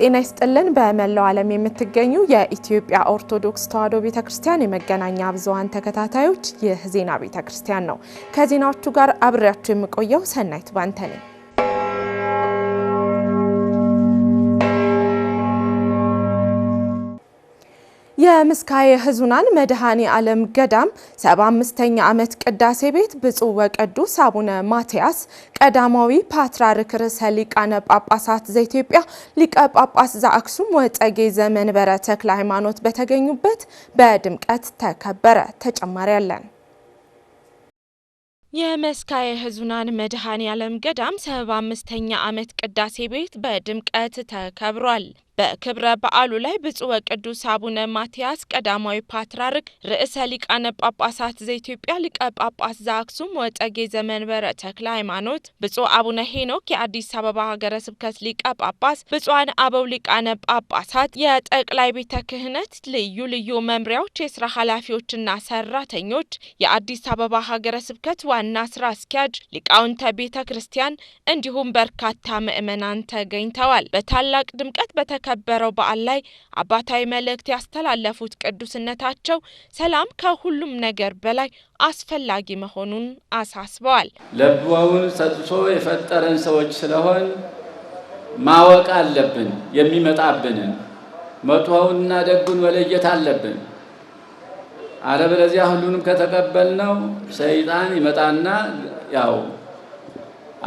ጤና ይስጥልን። በመላው ዓለም የምትገኙ የኢትዮጵያ ኦርቶዶክስ ተዋሕዶ ቤተ ክርስቲያን የመገናኛ ብዙኃን ተከታታዮች ይህ ዜና ቤተ ክርስቲያን ነው። ከዜናዎቹ ጋር አብሬያችሁ የምቆየው ሰናይት ባንተ ነኝ። የምስካየ ኅዙናን መድኃኔ ዓለም ገዳም 75ኛ ዓመት ቅዳሴ ቤት ብፁዕ ወቅዱስ አቡነ ማትያስ ቀዳማዊ ፓትርያርክ ርዕሰ ሊቃነ ጳጳሳት ዘኢትዮጵያ ሊቀ ጳጳስ ዘአክሱም ወዕጨጌ ዘመንበረ ተክለ ሃይማኖት በተገኙበት በድምቀት ተከበረ። ተጨማሪ አለን። የመስካየ ኅዙናን መድኃኔ ዓለም ገዳም 75ኛ ዓመት ቅዳሴ ቤት በድምቀት ተከብሯል። በክብረ በዓሉ ላይ ብፁዕ ወቅዱስ አቡነ ማትያስ ቀዳማዊ ፓትርያርክ ርዕሰ ሊቃነ ጳጳሳት ዘኢትዮጵያ ሊቀ ጳጳስ ዘአክሱም ወጠጌ ዘመንበረ ተክለ ሃይማኖት፣ ብፁዕ አቡነ ሄኖክ የአዲስ አበባ ሀገረ ስብከት ሊቀ ጳጳስ፣ ብፁዓን አበው ሊቃነ ጳጳሳት፣ የጠቅላይ ቤተ ክህነት ልዩ ልዩ መምሪያዎች የስራ ኃላፊዎችና ሰራተኞች፣ የአዲስ አበባ ሀገረ ስብከት ዋና ስራ አስኪያጅ፣ ሊቃውንተ ቤተ ክርስቲያን እንዲሁም በርካታ ምእመናን ተገኝተዋል። በታላቅ ድምቀት በተከ በሚከበረው በዓል ላይ አባታዊ መልእክት ያስተላለፉት ቅዱስነታቸው ሰላም ከሁሉም ነገር በላይ አስፈላጊ መሆኑን አሳስበዋል። ልቡውን ሰጥቶ የፈጠረን ሰዎች ስለሆን ማወቅ አለብን። የሚመጣብንን መጥፎውንና ደጉን መለየት አለብን። አለበለዚያ ሁሉንም ከተቀበልነው ሰይጣን ይመጣና ያው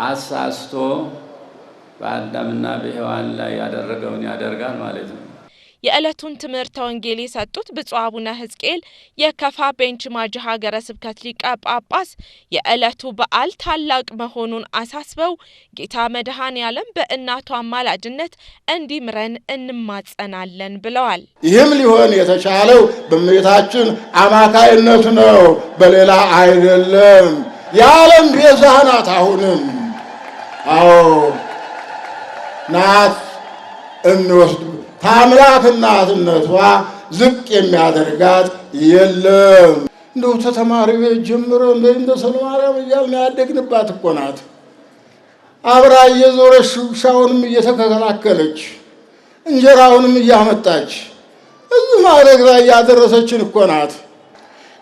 አሳስቶ በአዳምና በሔዋን ላይ ያደረገውን ያደርጋል ማለት ነው። የዕለቱን ትምህርተ ወንጌል የሰጡት ብፁዕ አቡነ ሕዝቅኤል የከፋ ቤንች ማጂ ሀገረ ስብከት ሊቀ ጳጳስ የዕለቱ በዓል ታላቅ መሆኑን አሳስበው ጌታ መድኃኔ ዓለም በእናቱ አማላጅነት እንዲምረን እንማጸናለን ብለዋል። ይህም ሊሆን የተቻለው በእመቤታችን አማካይነት ነው፣ በሌላ አይደለም። የዓለም ቤዛ ናት። አሁንም አዎ ናት እንወስድ ታምራት እናትነቷ ዝቅ የሚያደርጋት የለም። እንደው ተተማሪ ቤት ጀምሮ እንደዚህ እንደ ሰለማርያም እያልን ያደግንባት እኮ ናት። አብራ እየዞረች ሹሻውንም እየተከላከለች እንጀራውንም እያመጣች እዚህ ማድረግ ላይ እያደረሰችን እኮ ናት።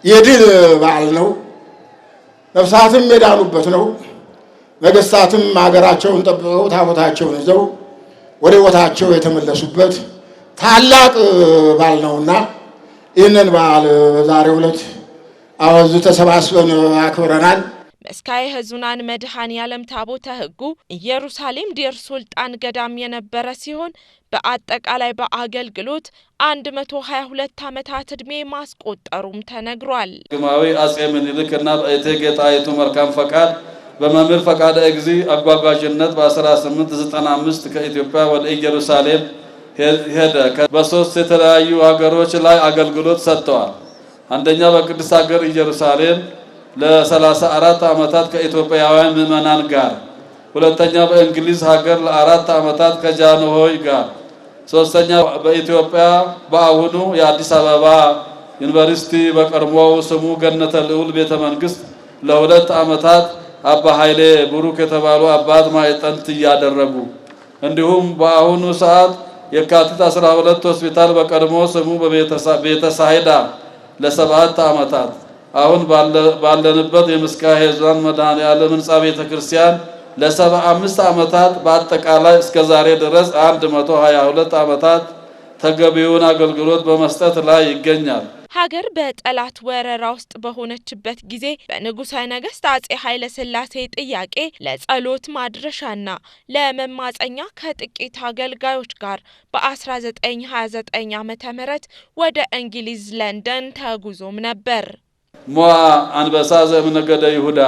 የድል በዓል ነው። ነፍሳትም የዳኑበት ነው። ነገስታትም ሀገራቸውን ጠብቀው ታቦታቸውን ይዘው ወደ ቦታቸው የተመለሱበት ታላቅ በዓል ነውና ይህንን በዓል በዛሬው ዕለት አወዙ ተሰባስበን አክብረናል። መስካየ ሕዙናን መድኃኔ ዓለም ታቦተ ሕጉ ኢየሩሳሌም ዴር ሱልጣን ገዳም የነበረ ሲሆን በአጠቃላይ በአገልግሎት 122 ዓመታት ዕድሜ ማስቆጠሩም ተነግሯል። ግማዊ አጼ ምኒልክ እና ጣይቱ መልካም ፈቃድ በመምህር ፈቃደ እግዚ አጓጓዥነት በ1895 ከኢትዮጵያ ወደ ኢየሩሳሌም ሄደ። በሶስት የተለያዩ ሀገሮች ላይ አገልግሎት ሰጥተዋል። አንደኛ በቅድስት ሀገር ኢየሩሳሌም ለ34 ዓመታት ከኢትዮጵያውያን ምዕመናን ጋር፣ ሁለተኛ በእንግሊዝ ሀገር ለአራት ዓመታት ከጃንሆይ ጋር፣ ሶስተኛ በኢትዮጵያ በአሁኑ የአዲስ አበባ ዩኒቨርሲቲ በቀድሞው ስሙ ገነተ ልዑል ቤተ መንግስት ለሁለት ዓመታት አባ ኃይሌ ብሩክ የተባሉ አባት ማዕጠንት እያደረጉ እንዲሁም በአሁኑ ሰዓት የካቲት 12 ሆስፒታል በቀድሞ ስሙ በቤተሳይዳ ለሰባት ዓመታት አሁን ባለንበት የምስካየ ኅዙራን መድኃኔዓለም ሕንፃ ቤተ ክርስቲያን ለሰባ አምስት ዓመታት በአጠቃላይ እስከ ዛሬ ድረስ 122 ዓመታት ተገቢውን አገልግሎት በመስጠት ላይ ይገኛል። ሀገር በጠላት ወረራ ውስጥ በሆነችበት ጊዜ በንጉሠ ነገሥት አጼ ኃይለ ሥላሴ ጥያቄ ለጸሎት ማድረሻና ለመማፀኛ ከጥቂት አገልጋዮች ጋር በ1929 ዓ ም ወደ እንግሊዝ ለንደን ተጉዞም ነበር። ሟ አንበሳ ዘእምነገደ ይሁዳ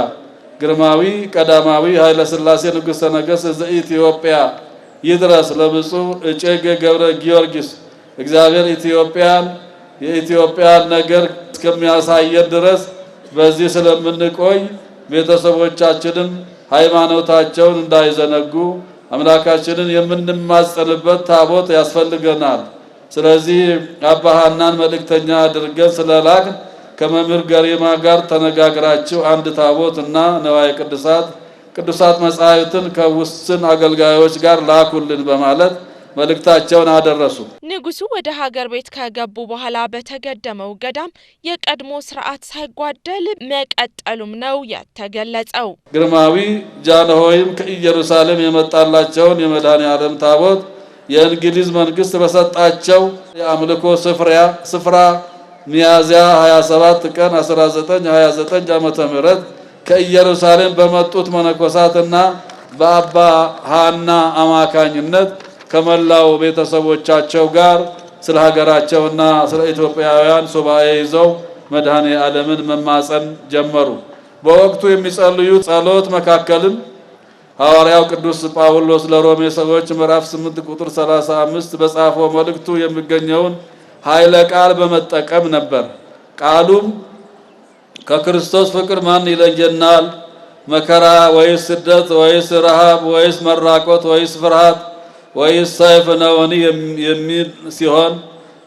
ግርማዊ ቀዳማዊ ኃይለ ሥላሴ ንጉሠ ነገሥት ዘኢትዮጵያ ይድረስ ለብፁዕ እጨጌ ገብረ ጊዮርጊስ። እግዚአብሔር ኢትዮጵያን የኢትዮጵያን ነገር እስከሚያሳየን ድረስ በዚህ ስለምንቆይ ቤተሰቦቻችንም ሃይማኖታቸውን እንዳይዘነጉ አምላካችንን የምንማጸንበት ታቦት ያስፈልገናል። ስለዚህ አባ ሐናን መልእክተኛ አድርገን ስለላክ ከመምህር ገሪማ ጋር ተነጋግራችሁ አንድ ታቦት እና ነዋየ ቅድሳት ቅዱሳት መጻሕፍትን ከውስን አገልጋዮች ጋር ላኩልን በማለት መልእክታቸውን አደረሱ። ንጉሱ ወደ ሀገር ቤት ከገቡ በኋላ በተገደመው ገዳም የቀድሞ ስርዓት ሳይጓደል መቀጠሉም ነው የተገለጸው። ግርማዊ ጃንሆይም ከኢየሩሳሌም የመጣላቸውን የመድኃኔ ዓለም ታቦት የእንግሊዝ መንግስት በሰጣቸው የአምልኮ ስፍራ ሚያዝያ 27 ቀን 1929 ም ከኢየሩሳሌም በመጡት መነኮሳትና በአባ ሃና አማካኝነት ከመላው ቤተሰቦቻቸው ጋር ስለ ሀገራቸውና ስለ ኢትዮጵያውያን ሱባኤ ይዘው መድኃኔ ዓለምን መማፀን ጀመሩ። በወቅቱ የሚጸልዩ ጸሎት መካከልም ሐዋርያው ቅዱስ ጳውሎስ ለሮሜ ሰዎች ምዕራፍ 8 ቁጥር 35 በጻፈው መልእክቱ የሚገኘውን ኃይለ ቃል በመጠቀም ነበር። ቃሉም ከክርስቶስ ፍቅር ማን ይለየናል? መከራ ወይስ ስደት ወይስ ረሃብ ወይስ መራቆት ወይስ ፍርሃት ወይስ ሰይፍ ነውን? የሚል ሲሆን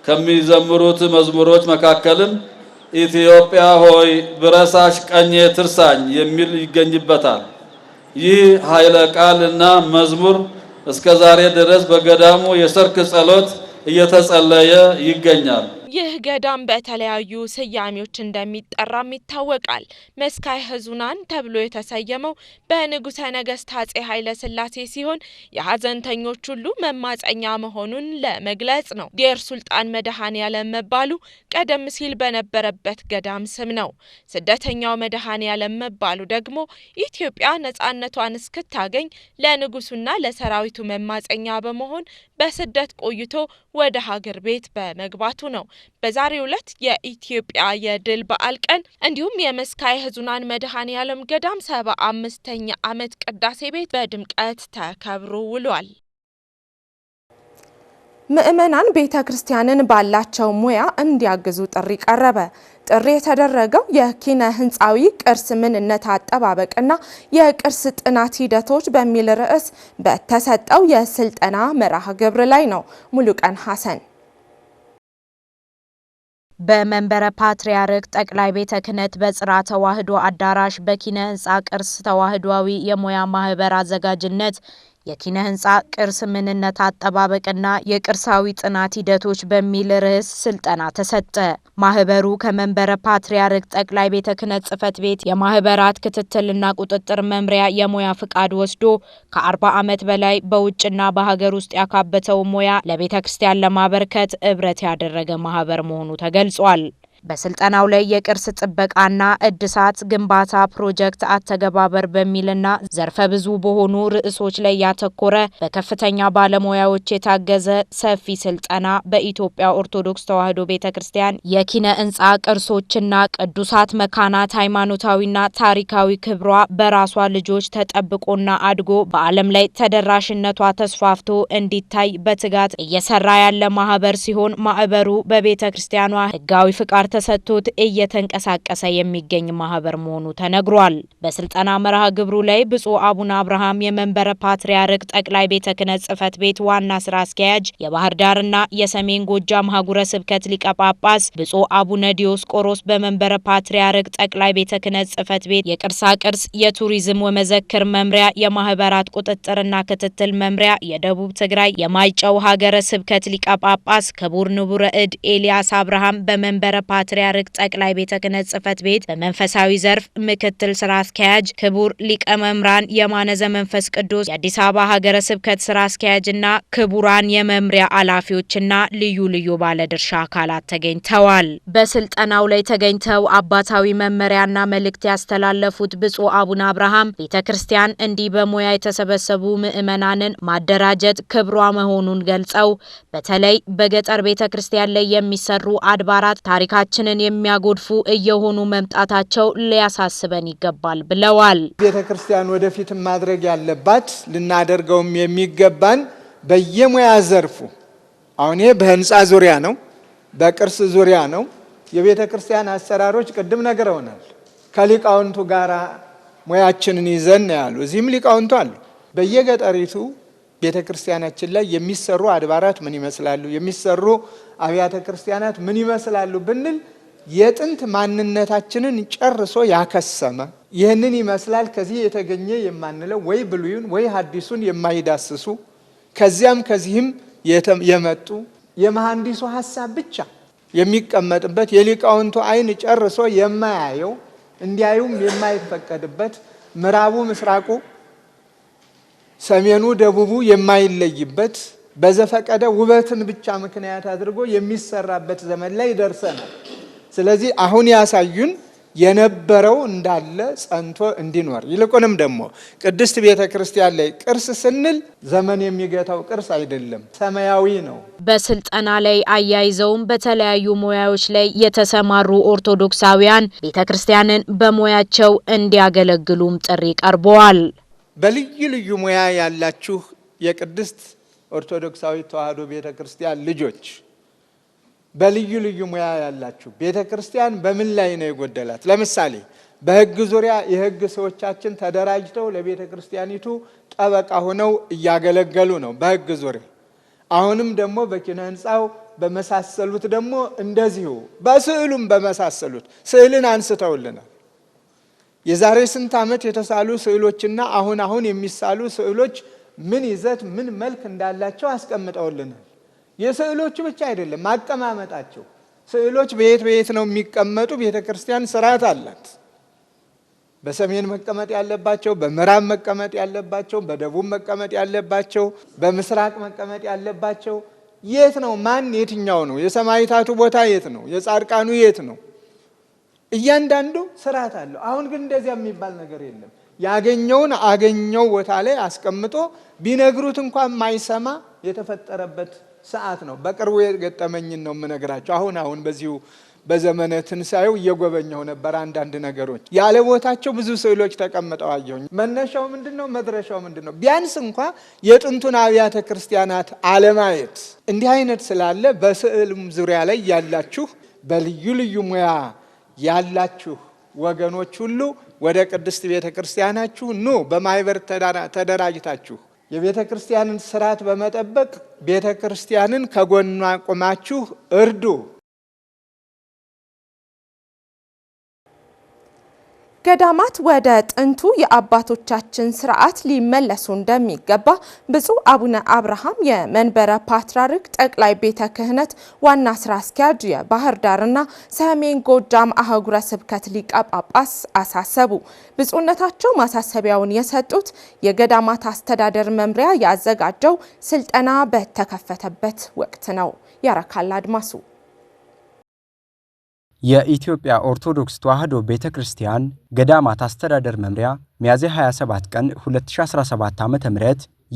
ከሚዘምሩት መዝሙሮች መካከልም ኢትዮጵያ ሆይ ብረሳሽ ቀኜ ትርሳኝ የሚል ይገኝበታል። ይህ ኃይለ ቃል እና መዝሙር እስከ ዛሬ ድረስ በገዳሙ የሰርክ ጸሎት እየተጸለየ ይገኛል። ይህ ገዳም በተለያዩ ስያሜዎች እንደሚጠራም ይታወቃል። መስካይ ህዙናን ተብሎ የተሰየመው በንጉሠ ነገሥት አፄ ኃይለ ሥላሴ ሲሆን የሀዘንተኞች ሁሉ መማፀኛ መሆኑን ለመግለጽ ነው። ዴር ሱልጣን መድኃኔዓለም መባሉ ቀደም ሲል በነበረበት ገዳም ስም ነው። ስደተኛው መድኃኔዓለም መባሉ ደግሞ ኢትዮጵያ ነፃነቷን እስክታገኝ ለንጉሱና ለሰራዊቱ መማፀኛ በመሆን በስደት ቆይቶ ወደ ሀገር ቤት በመግባቱ ነው። በዛሬው ዕለት የኢትዮጵያ የድል በዓል ቀን እንዲሁም የመስካየ ህዙናን መድኃኔ ዓለም ገዳም ሰባ አምስተኛ ዓመት ቅዳሴ ቤት በድምቀት ተከብሮ ውሏል። ምዕመናን ቤተ ክርስቲያንን ባላቸው ሙያ እንዲያግዙ ጥሪ ቀረበ። ጥሪ የተደረገው የኪነ ሕንፃዊ ቅርስ ምንነት አጠባበቅና የቅርስ ጥናት ሂደቶች በሚል ርዕስ በተሰጠው የስልጠና መርሃ ግብር ላይ ነው። ሙሉቀን ሐሰን በመንበረ ፓትርያርክ ጠቅላይ ቤተ ክህነት በጽራ ተዋህዶ አዳራሽ በኪነ ህንፃ ቅርስ ተዋህዶዊ የሙያ ማህበር አዘጋጅነት የኪነ ህንፃ ቅርስ ምንነት አጠባበቅና የቅርሳዊ ጥናት ሂደቶች በሚል ርዕስ ስልጠና ተሰጠ። ማህበሩ ከመንበረ ፓትርያርክ ጠቅላይ ቤተ ክህነት ጽሕፈት ቤት የማህበራት ክትትልና ቁጥጥር መምሪያ የሙያ ፍቃድ ወስዶ ከ40 ዓመት በላይ በውጭና በሀገር ውስጥ ያካበተው ሙያ ለቤተ ክርስቲያን ለማበርከት እብረት ያደረገ ማህበር መሆኑ ተገልጿል። በስልጠናው ላይ የቅርስ ጥበቃና እድሳት ግንባታ ፕሮጀክት አተገባበር በሚልና ዘርፈ ብዙ በሆኑ ርዕሶች ላይ ያተኮረ በከፍተኛ ባለሙያዎች የታገዘ ሰፊ ስልጠና በኢትዮጵያ ኦርቶዶክስ ተዋሕዶ ቤተ ክርስቲያን የኪነ ህንፃ ቅርሶችና ቅዱሳት መካናት ሃይማኖታዊና ታሪካዊ ክብሯ በራሷ ልጆች ተጠብቆና አድጎ በዓለም ላይ ተደራሽነቷ ተስፋፍቶ እንዲታይ በትጋት እየሰራ ያለ ማህበር ሲሆን ማህበሩ በቤተ ክርስቲያኗ ህጋዊ ፍቃድ ተሰጥቶት እየተንቀሳቀሰ የሚገኝ ማህበር መሆኑ ተነግሯል። በስልጠና መርሃ ግብሩ ላይ ብፁዕ አቡነ አብርሃም የመንበረ ፓትርያርክ ጠቅላይ ቤተ ክህነት ጽሕፈት ቤት ዋና ስራ አስኪያጅ፣ የባህር ዳርና የሰሜን ጎጃም ሀጉረ ስብከት ሊቀ ጳጳስ ብፁዕ አቡነ ዲዮስቆሮስ በመንበረ ፓትርያርክ ጠቅላይ ቤተ ክህነት ጽሕፈት ቤት የቅርሳ ቅርስ የቱሪዝም ወመዘክር መምሪያ የማህበራት ቁጥጥርና ክትትል መምሪያ የደቡብ ትግራይ የማይጨው ሀገረ ስብከት ሊቀ ጳጳስ ክቡር ንቡረ እድ ኤልያስ አብርሃም በመንበረ ፓትርያርክ ጠቅላይ ቤተ ክህነት ጽሕፈት ቤት በመንፈሳዊ ዘርፍ ምክትል ስራ አስኪያጅ ክቡር ሊቀ መምራን የማነዘ መንፈስ ቅዱስ የአዲስ አበባ ሀገረ ስብከት ስራ አስኪያጅና ክቡራን የመምሪያ ኃላፊዎችና ልዩ ልዩ ባለድርሻ አካላት ተገኝተዋል። በስልጠናው ላይ ተገኝተው አባታዊ መመሪያና መልእክት ያስተላለፉት ብፁዕ አቡነ አብርሃም ቤተ ክርስቲያን እንዲህ በሙያ የተሰበሰቡ ምዕመናንን ማደራጀት ክብሯ መሆኑን ገልጸው በተለይ በገጠር ቤተ ክርስቲያን ላይ የሚሰሩ አድባራት ታሪካቸው ኑሯችንን የሚያጎድፉ እየሆኑ መምጣታቸው ሊያሳስበን ይገባል ብለዋል። ቤተ ክርስቲያን ወደፊትም ማድረግ ያለባት ልናደርገውም የሚገባን በየሙያ ዘርፉ አሁን ይሄ በህንፃ ዙሪያ ነው፣ በቅርስ ዙሪያ ነው። የቤተ ክርስቲያን አሰራሮች ቅድም ነግረውናል። ከሊቃውንቱ ጋራ ሙያችንን ይዘን ያሉ እዚህም ሊቃውንቱ አሉ በየገጠሪቱ ቤተ ክርስቲያናችን ላይ የሚሰሩ አድባራት ምን ይመስላሉ፣ የሚሰሩ አብያተ ክርስቲያናት ምን ይመስላሉ ብንል የጥንት ማንነታችንን ጨርሶ ያከሰመ ይህንን ይመስላል። ከዚህ የተገኘ የማንለው ወይ ብሉዩን ወይ ሐዲሱን የማይዳስሱ ከዚያም ከዚህም የመጡ የመሐንዲሱ ሀሳብ ብቻ የሚቀመጥበት የሊቃውንቱ ዓይን ጨርሶ የማያየው እንዲያዩም የማይፈቀድበት ምዕራቡ ምስራቁ ሰሜኑ ደቡቡ የማይለይበት በዘፈቀደ ውበትን ብቻ ምክንያት አድርጎ የሚሰራበት ዘመን ላይ ደርሰናል። ስለዚህ አሁን ያሳዩን የነበረው እንዳለ ጸንቶ እንዲኖር ይልቁንም ደግሞ ቅድስት ቤተ ክርስቲያን ላይ ቅርስ ስንል ዘመን የሚገታው ቅርስ አይደለም፣ ሰማያዊ ነው። በስልጠና ላይ አያይዘውም በተለያዩ ሙያዎች ላይ የተሰማሩ ኦርቶዶክሳውያን ቤተ ክርስቲያንን በሙያቸው እንዲያገለግሉም ጥሪ ቀርበዋል። በልዩ ልዩ ሙያ ያላችሁ የቅድስት ኦርቶዶክሳዊ ተዋህዶ ቤተ ክርስቲያን ልጆች በልዩ ልዩ ሙያ ያላችሁ ቤተ ክርስቲያን በምን ላይ ነው የጎደላት? ለምሳሌ በህግ ዙሪያ የህግ ሰዎቻችን ተደራጅተው ለቤተ ክርስቲያኒቱ ጠበቃ ሆነው እያገለገሉ ነው በህግ ዙሪያ። አሁንም ደግሞ በኪነ ህንፃው በመሳሰሉት ደግሞ እንደዚሁ በስዕሉም በመሳሰሉት ስዕልን አንስተውልናል። የዛሬ ስንት ዓመት የተሳሉ ስዕሎችና አሁን አሁን የሚሳሉ ስዕሎች ምን ይዘት ምን መልክ እንዳላቸው አስቀምጠውልናል። የስዕሎቹ ብቻ አይደለም አቀማመጣቸው። ስዕሎች በየት በየት ነው የሚቀመጡ? ቤተ ክርስቲያን ስርዓት አላት። በሰሜን መቀመጥ ያለባቸው፣ በምዕራብ መቀመጥ ያለባቸው፣ በደቡብ መቀመጥ ያለባቸው፣ በምስራቅ መቀመጥ ያለባቸው የት ነው? ማን የትኛው ነው? የሰማዕታቱ ቦታ የት ነው? የጻድቃኑ የት ነው? እያንዳንዱ ስርዓት አለው። አሁን ግን እንደዚያ የሚባል ነገር የለም። ያገኘውን አገኘው ቦታ ላይ አስቀምጦ ቢነግሩት እንኳን ማይሰማ የተፈጠረበት ሰዓት ነው። በቅርቡ የገጠመኝን ነው የምነግራቸው። አሁን አሁን በዚሁ በዘመነ ትንሣኤው እየጎበኘው ነበር። አንዳንድ ነገሮች ያለ ቦታቸው ብዙ ስዕሎች ተቀምጠው አየሁኝ። መነሻው ምንድን ነው? መድረሻው ምንድን ነው? ቢያንስ እንኳ የጥንቱን አብያተ ክርስቲያናት አለማየት እንዲህ አይነት ስላለ በስዕልም ዙሪያ ላይ ያላችሁ በልዩ ልዩ ሙያ ያላችሁ ወገኖች ሁሉ ወደ ቅድስት ቤተ ክርስቲያናችሁ ኑ፣ በማይበር ተደራጅታችሁ የቤተ ክርስቲያንን ስርዓት በመጠበቅ ቤተ ክርስቲያንን ከጎኗ ቁማችሁ እርዱ። ገዳማት ወደ ጥንቱ የአባቶቻችን ስርዓት ሊመለሱ እንደሚገባ ብፁዕ አቡነ አብርሃም የመንበረ ፓትርያርክ ጠቅላይ ቤተ ክህነት ዋና ስራ አስኪያጅ የባህር ዳርና ሰሜን ጎጃም አህጉረ ስብከት ሊቀ ጳጳስ አሳሰቡ። ብፁዕነታቸው ማሳሰቢያውን የሰጡት የገዳማት አስተዳደር መምሪያ ያዘጋጀው ስልጠና በተከፈተበት ወቅት ነው። ያረካል አድማሱ የኢትዮጵያ ኦርቶዶክስ ተዋሕዶ ቤተ ክርስቲያን ገዳማት አስተዳደር መምሪያ ሚያዝያ 27 ቀን 2017 ዓ ም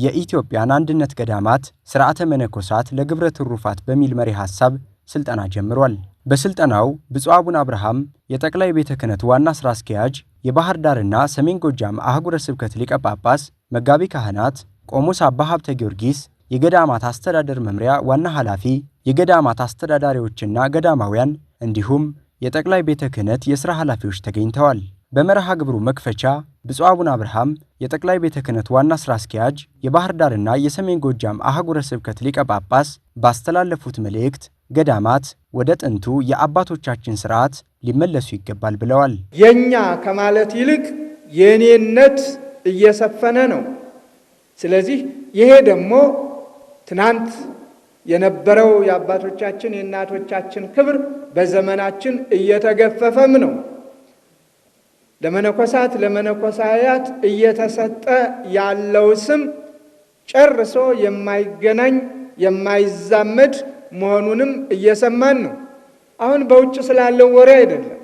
የኢትዮጵያን አንድነት ገዳማት ሥርዓተ መነኮሳት ለግብረ ትሩፋት በሚል መሪ ሐሳብ ሥልጠና ጀምሯል። በሥልጠናው ብፁዕ አቡነ አብርሃም የጠቅላይ ቤተ ክህነት ዋና ሥራ አስኪያጅ፣ የባሕር ዳርና ሰሜን ጎጃም አህጉረ ስብከት ሊቀ ጳጳስ፣ መጋቢ ካህናት፣ ቆሞስ አባ ሀብተ ጊዮርጊስ፣ የገዳማት አስተዳደር መምሪያ ዋና ኃላፊ፣ የገዳማት አስተዳዳሪዎችና ገዳማውያን እንዲሁም የጠቅላይ ቤተ ክህነት የሥራ ኃላፊዎች ተገኝተዋል። በመርሃ ግብሩ መክፈቻ ብፁዕ አቡነ አብርሃም የጠቅላይ ቤተ ክህነት ዋና ሥራ አስኪያጅ፣ የባህር ዳርና የሰሜን ጎጃም አህጉረ ስብከት ሊቀ ጳጳስ ባስተላለፉት መልእክት ገዳማት ወደ ጥንቱ የአባቶቻችን ሥርዓት ሊመለሱ ይገባል ብለዋል። የእኛ ከማለት ይልቅ የእኔነት እየሰፈነ ነው። ስለዚህ ይሄ ደግሞ ትናንት የነበረው የአባቶቻችን የእናቶቻችን ክብር በዘመናችን እየተገፈፈም ነው። ለመነኮሳት ለመነኮሳያት እየተሰጠ ያለው ስም ጨርሶ የማይገናኝ የማይዛመድ መሆኑንም እየሰማን ነው። አሁን በውጭ ስላለው ወሬ አይደለም።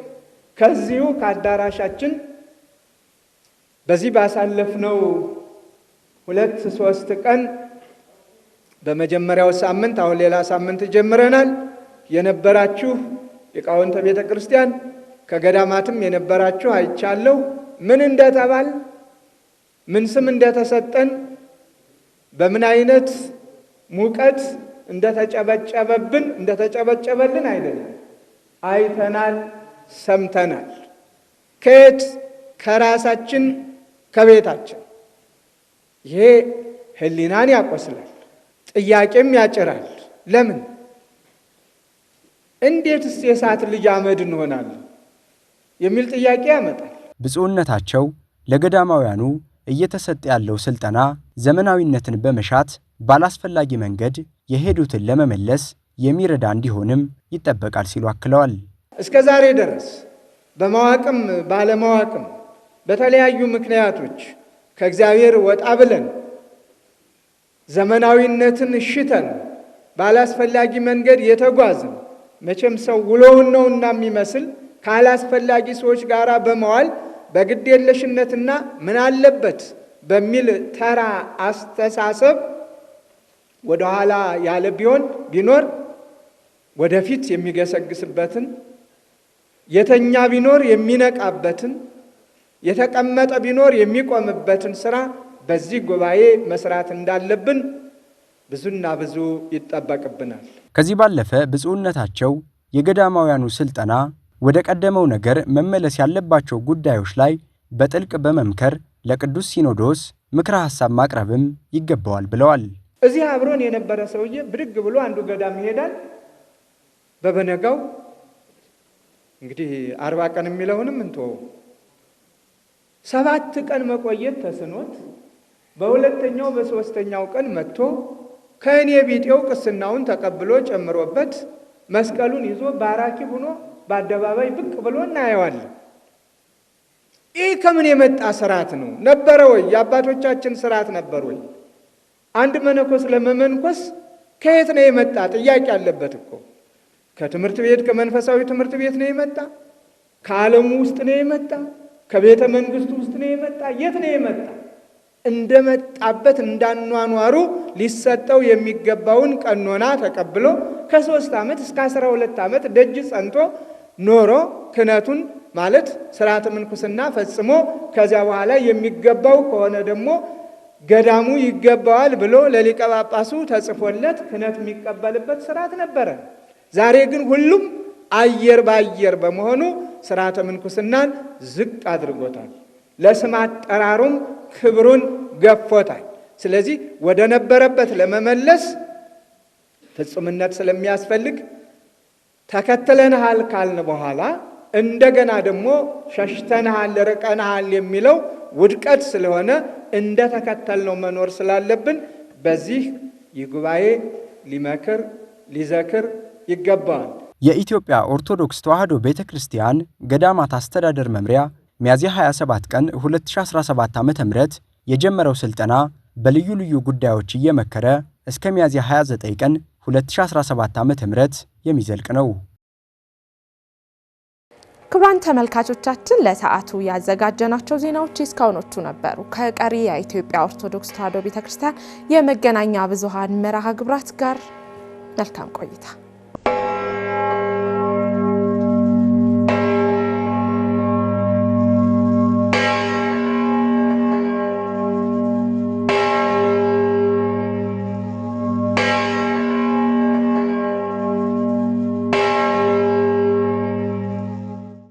ከዚሁ ከአዳራሻችን በዚህ ባሳለፍነው ሁለት ሶስት ቀን በመጀመሪያው ሳምንት አሁን ሌላ ሳምንት ጀምረናል የነበራችሁ ሊቃውንተ ቤተ ክርስቲያን ከገዳማትም የነበራችሁ አይቻለሁ። ምን እንደተባል ምን ስም እንደተሰጠን በምን አይነት ሙቀት እንደተጨበጨበብን እንደተጨበጨበልን አይደለም፣ አይተናል፣ ሰምተናል። ከየት ከራሳችን ከቤታችን። ይሄ ህሊናን ያቆስላል፣ ጥያቄም ያጭራል። ለምን እንዴትስ የእሳት ልጅ አመድ እንሆናለን የሚል ጥያቄ ያመጣል። ብፁዕነታቸው ለገዳማውያኑ እየተሰጠ ያለው ስልጠና ዘመናዊነትን በመሻት ባላስፈላጊ መንገድ የሄዱትን ለመመለስ የሚረዳ እንዲሆንም ይጠበቃል ሲሉ አክለዋል። እስከ ዛሬ ድረስ በማዋቅም ባለማዋቅም በተለያዩ ምክንያቶች ከእግዚአብሔር ወጣ ብለን ዘመናዊነትን ሽተን ባላስፈላጊ መንገድ የተጓዝን መቼም ሰው ውሎውን ነው የሚመስል ካላስፈላጊ ሰዎች ጋር በመዋል በግዴለሽነትና ምን አለበት በሚል ተራ አስተሳሰብ ወደኋላ ያለ ቢሆን ቢኖር ወደፊት የሚገሰግስበትን የተኛ ቢኖር የሚነቃበትን የተቀመጠ ቢኖር የሚቆምበትን ስራ በዚህ ጉባኤ መስራት እንዳለብን ብዙና ብዙ ይጠበቅብናል። ከዚህ ባለፈ ብፁዕነታቸው የገዳማውያኑ ስልጠና ወደ ቀደመው ነገር መመለስ ያለባቸው ጉዳዮች ላይ በጥልቅ በመምከር ለቅዱስ ሲኖዶስ ምክረ ሐሳብ ማቅረብም ይገባዋል ብለዋል። እዚህ አብሮን የነበረ ሰውዬ ብድግ ብሎ አንዱ ገዳም ይሄዳል። በበነጋው እንግዲህ አርባ ቀን የሚለውንም እንቶ ሰባት ቀን መቆየት ተስኖት በሁለተኛው በሶስተኛው ቀን መጥቶ ከእኔ ቢጤው ቅስናውን ተቀብሎ ጨምሮበት መስቀሉን ይዞ ባራኪ ሆኖ በአደባባይ ብቅ ብሎ እናየዋለን። ይህ ከምን የመጣ ስርዓት ነው? ነበረ ወይ? የአባቶቻችን ስርዓት ነበር ወይ? አንድ መነኮስ ለመመንኮስ ከየት ነው የመጣ ጥያቄ አለበት እኮ። ከትምህርት ቤት ከመንፈሳዊ ትምህርት ቤት ነው የመጣ? ከዓለሙ ውስጥ ነው የመጣ? ከቤተ መንግስቱ ውስጥ ነው የመጣ? የት ነው የመጣ? እንደመጣበት እንዳኗኗሩ ሊሰጠው የሚገባውን ቀኖና ተቀብሎ ከሶስት ዓመት እስከ አስራ ሁለት ዓመት ደጅ ጸንቶ ኖሮ ክህነቱን ማለት ስርዓተ ምንኩስና ፈጽሞ ከዚያ በኋላ የሚገባው ከሆነ ደግሞ ገዳሙ ይገባዋል ብሎ ለሊቀ ጳጳሱ ተጽፎለት ክህነት የሚቀበልበት ስርዓት ነበረ። ዛሬ ግን ሁሉም አየር በአየር በመሆኑ ስርዓተ ምንኩስናን ዝቅ አድርጎታል። ለስም አጠራሩም ክብሩን ገፎታል። ስለዚህ ወደ ነበረበት ለመመለስ ፍጹምነት ስለሚያስፈልግ ተከተለንሃል ካልን በኋላ እንደገና ደግሞ ሸሽተንሃል፣ ርቀንሃል የሚለው ውድቀት ስለሆነ እንደ ተከተልነው መኖር ስላለብን በዚህ ይህ ጉባኤ ሊመክር ሊዘክር ይገባዋል። የኢትዮጵያ ኦርቶዶክስ ተዋሕዶ ቤተ ክርስቲያን ገዳማት አስተዳደር መምሪያ ሚያዝያ 27 ቀን 2017 ም የጀመረው ስልጠና በልዩ ልዩ ጉዳዮች እየመከረ እስከ ሚያዝያ 29 ቀን 2017 ዓ.ም የሚዘልቅ ነው። ክቡራን ተመልካቾቻችን ለሰዓቱ ያዘጋጀናቸው ዜናዎች እስካሁኖቹ ነበሩ። ከቀሪ የኢትዮጵያ ኦርቶዶክስ ተዋሕዶ ቤተክርስቲያን የመገናኛ ብዙኃን መርሃ ግብራት ጋር መልካም ቆይታ